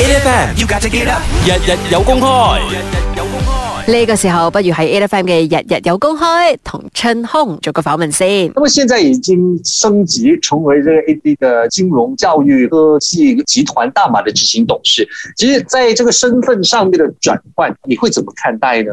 A F M，日日有公開，日日有公開，日日有公開。呢個時候，不如喺 A F M 嘅日日有公開同春空做個訪問先。那麼現在已經升級成為這 8VI 金融教育科技集團大馬嘅執行董事，其實在這個身份上面的轉換，你會怎麼看待呢？